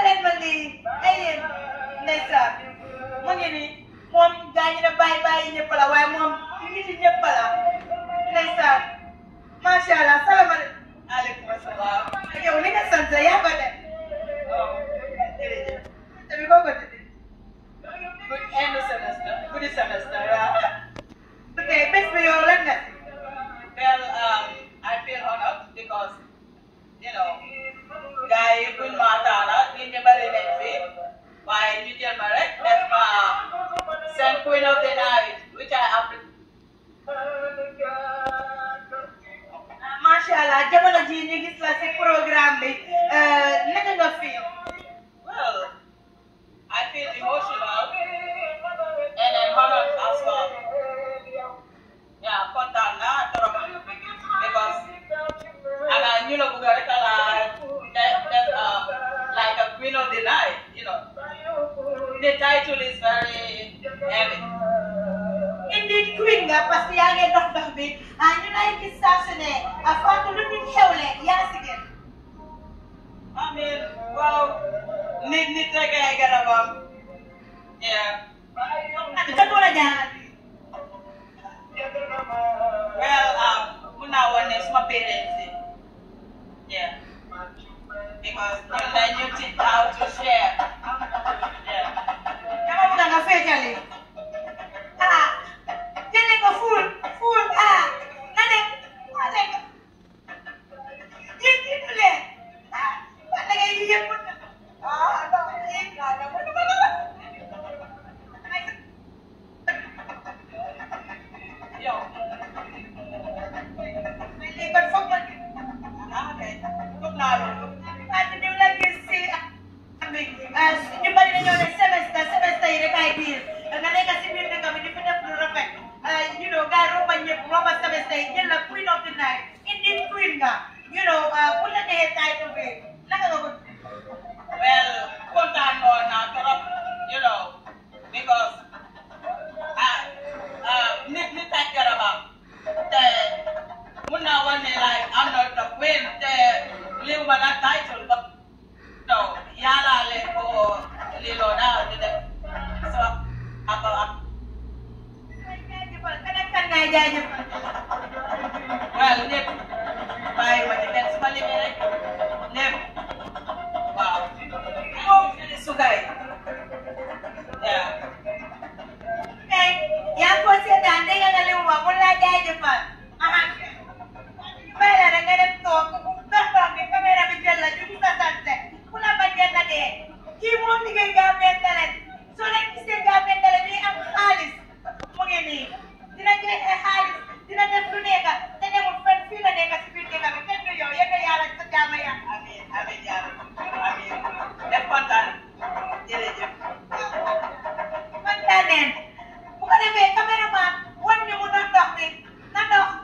defal leen ma lii ay yéen mu ngi nii moom gaa ñu ne Queen of the Night, which I have. macha allah jamono ji ñu gis la si programme eh, uh, bi naka nga feel. well I feel emotional and then honored as well. yeah kontaan naa trop because ala ñu la bëgg rek ala def def like a queen of the night you know the title is very. indeed queen nga parce que yaa ngi dox dox bi ah ñu lay gis saa su ne ah Fatou lu nit xewle yaa si gën. amiin waaw nit nit rek ay garabam. yaa. ah dina doon a jaar. you know, guy, Roman, Roman, Roman, Roman, aja aja. Well, 看着